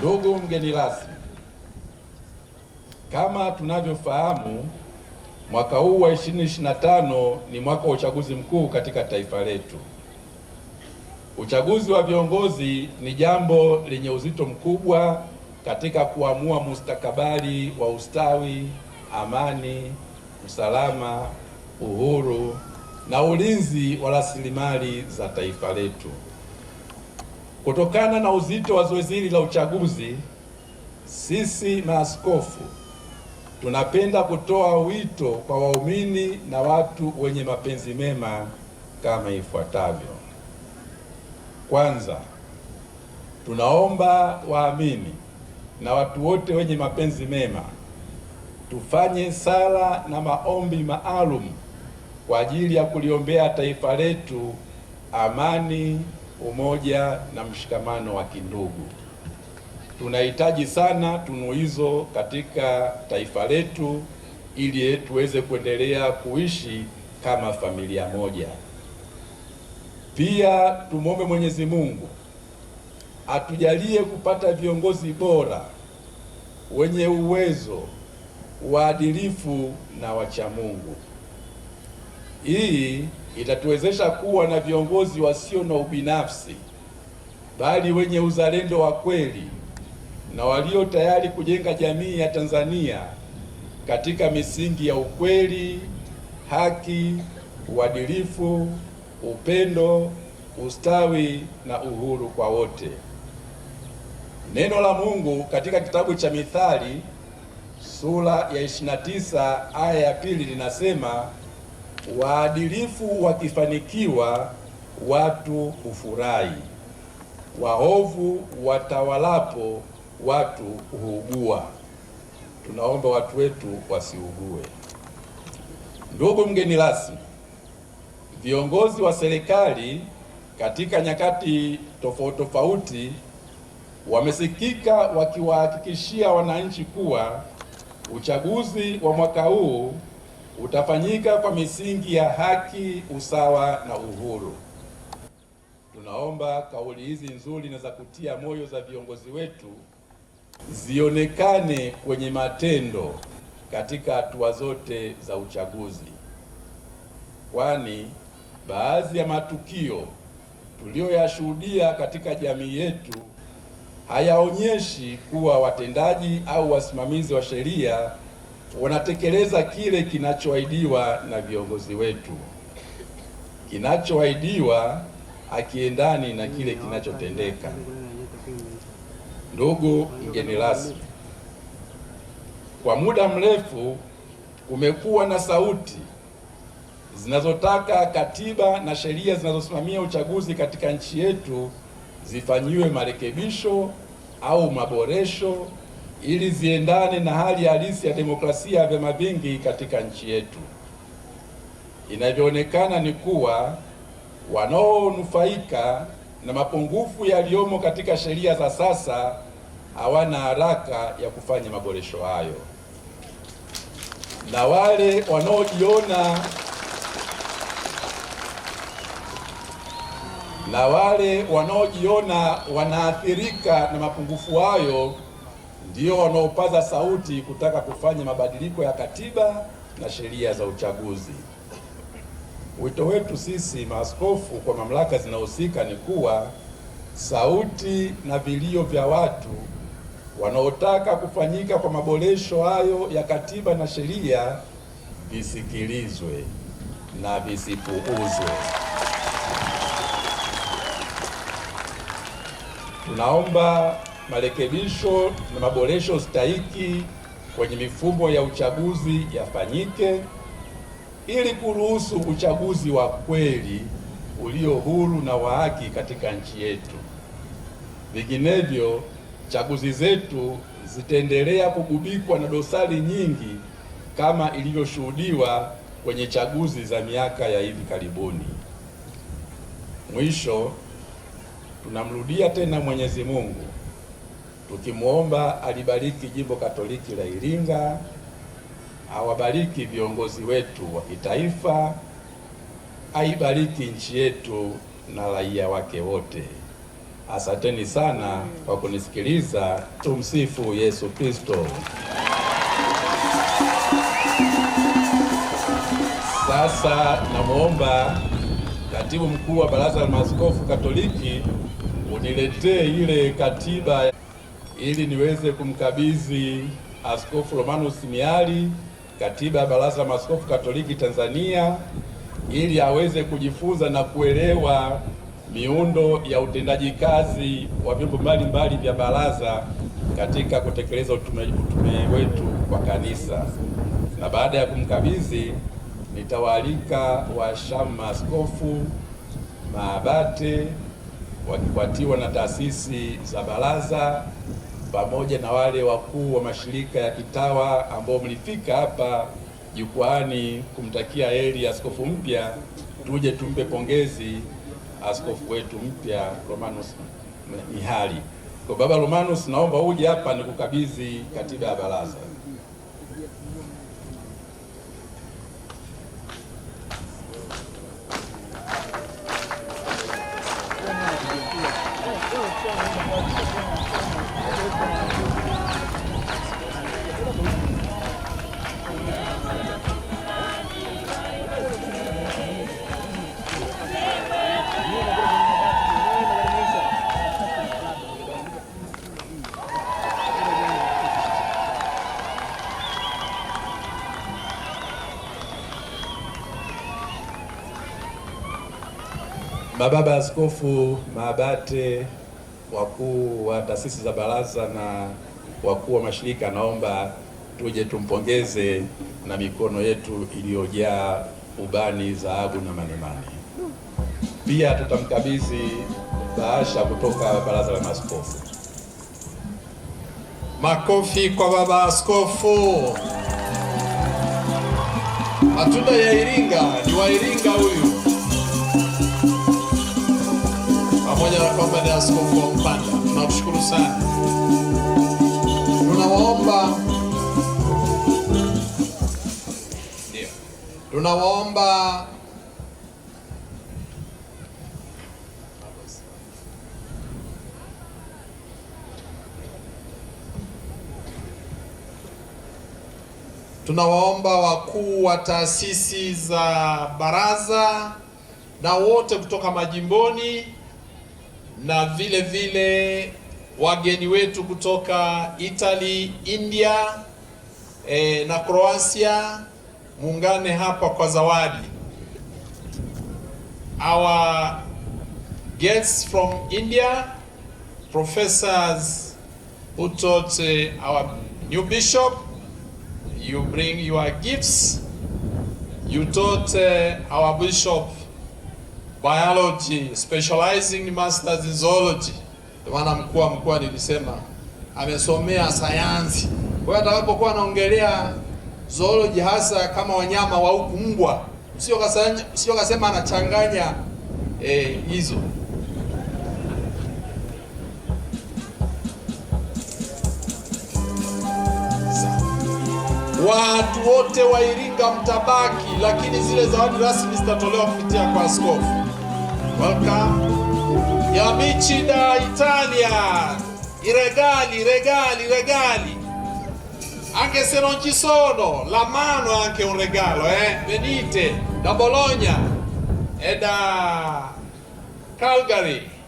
Ndugu mgeni rasmi, kama tunavyofahamu, mwaka huu wa 2025 ni mwaka wa uchaguzi mkuu katika taifa letu. Uchaguzi wa viongozi ni jambo lenye uzito mkubwa katika kuamua mustakabali wa ustawi, amani, usalama, uhuru na ulinzi wa rasilimali za taifa letu. Kutokana na uzito wa zoezi hili la uchaguzi, sisi maaskofu tunapenda kutoa wito kwa waumini na watu wenye mapenzi mema kama ifuatavyo. Kwanza, tunaomba waamini na watu wote wenye mapenzi mema tufanye sala na maombi maalum kwa ajili ya kuliombea taifa letu, amani umoja na mshikamano wa kindugu. Tunahitaji sana tunu hizo katika taifa letu ili tuweze kuendelea kuishi kama familia moja. Pia tumwombe Mwenyezi Mungu atujalie kupata viongozi bora wenye uwezo, waadilifu na wacha Mungu. Hii itatuwezesha kuwa na viongozi wasio na ubinafsi, bali wenye uzalendo wa kweli na walio tayari kujenga jamii ya Tanzania katika misingi ya ukweli, haki, uadilifu, upendo, ustawi na uhuru kwa wote. Neno la Mungu katika kitabu cha Mithali sura ya 29 aya ya pili linasema Waadilifu wakifanikiwa watu hufurahi, waovu watawalapo watu huugua. Tunaomba watu wetu wasiugue. Ndugu mgeni rasmi, viongozi wa serikali katika nyakati tofauti tofauti wamesikika wakiwahakikishia wananchi kuwa uchaguzi wa mwaka huu utafanyika kwa misingi ya haki, usawa na uhuru. Tunaomba kauli hizi nzuri na za kutia moyo za viongozi wetu zionekane kwenye matendo katika hatua zote za uchaguzi, kwani baadhi ya matukio tuliyoyashuhudia katika jamii yetu hayaonyeshi kuwa watendaji au wasimamizi wa sheria wanatekeleza kile kinachoahidiwa na viongozi wetu. Kinachoahidiwa akiendani na kile kinachotendeka. Ndugu mgeni rasmi, kwa muda mrefu kumekuwa na sauti zinazotaka katiba na sheria zinazosimamia uchaguzi katika nchi yetu zifanyiwe marekebisho au maboresho ili ziendane na hali halisi ya demokrasia ya vyama vingi katika nchi yetu. Inavyoonekana ni kuwa wanaonufaika na mapungufu yaliyomo katika sheria za sasa hawana haraka ya kufanya maboresho hayo, na wale wanaojiona na wale wanaojiona wanaathirika na mapungufu hayo ndio wanaopaza sauti kutaka kufanya mabadiliko ya katiba na sheria za uchaguzi. Wito wetu sisi maaskofu kwa mamlaka zinahusika ni kuwa sauti na vilio vya watu wanaotaka kufanyika kwa maboresho hayo ya katiba na sheria visikilizwe na visipuuzwe. Tunaomba marekebisho na maboresho stahiki kwenye mifumo ya uchaguzi yafanyike ili kuruhusu uchaguzi wa kweli ulio huru na wa haki katika nchi yetu. Vinginevyo, chaguzi zetu zitaendelea kugubikwa na dosari nyingi kama ilivyoshuhudiwa kwenye chaguzi za miaka ya hivi karibuni. Mwisho, tunamrudia tena Mwenyezi Mungu tukimwomba alibariki jimbo Katoliki la Iringa, awabariki viongozi wetu wa kitaifa, aibariki nchi yetu na raia wake wote. Asanteni sana kwa kunisikiliza. Tumsifu Yesu Kristo. Sasa namwomba katibu mkuu wa Baraza la Maaskofu Katoliki uniletee ile katiba ili niweze kumkabidhi Askofu Romanus Mihali katiba ya Baraza la Maaskofu Katoliki Tanzania ili aweze kujifunza na kuelewa miundo ya utendaji kazi wa vyombo mbalimbali vya baraza katika kutekeleza utume, utume wetu kwa kanisa. Na baada ya kumkabidhi, nitawaalika washamu maaskofu, maabate wakifuatiwa na taasisi za baraza pamoja na wale wakuu wa mashirika ya kitawa ambao mlifika hapa jukwani kumtakia heri askofu mpya, tuje tumpe pongezi askofu wetu mpya Romanus Mihali. Kwa Baba Romanus, naomba uje hapa nikukabidhi katiba ya baraza. Mababa askofu, maabate, wakuu wa taasisi za baraza na wakuu wa mashirika, naomba tuje tumpongeze na mikono yetu iliyojaa ubani, dhahabu na manemane. Pia tutamkabidhi bahasha kutoka baraza la maaskofu. Makofi kwa baba askofu. Hatuna ya Iringa, ni wa Iringa huyu. pamoja na kwamba ni askofu wa Mpanda. Tunakushukuru sana, tunawaomba tunawaomba tunawaomba wakuu wa taasisi za baraza na wote kutoka majimboni na vile vile wageni wetu kutoka Italy, India e, na Croatia muungane hapa kwa zawadi. Our guests from India, professors who taught uh, our new bishop, you bring your gifts. You taught uh, our bishop biology specializing masters in zoology. Ndio maana mkuu mkuu nilisema amesomea sayansi, kwa hiyo atakapokuwa anaongelea zoology hasa kama wanyama wa huku mbwa, sio kasema anachanganya eh, hizo watu wote wa Iringa mtabaki, lakini zile zawadi rasmi zitatolewa kupitia kwa askofu. Welcome. Gli amici da Italia. I regali, regali, regali. Anche se non ci sono, la mano è anche un regalo, eh? Venite da Bologna e da Calgary.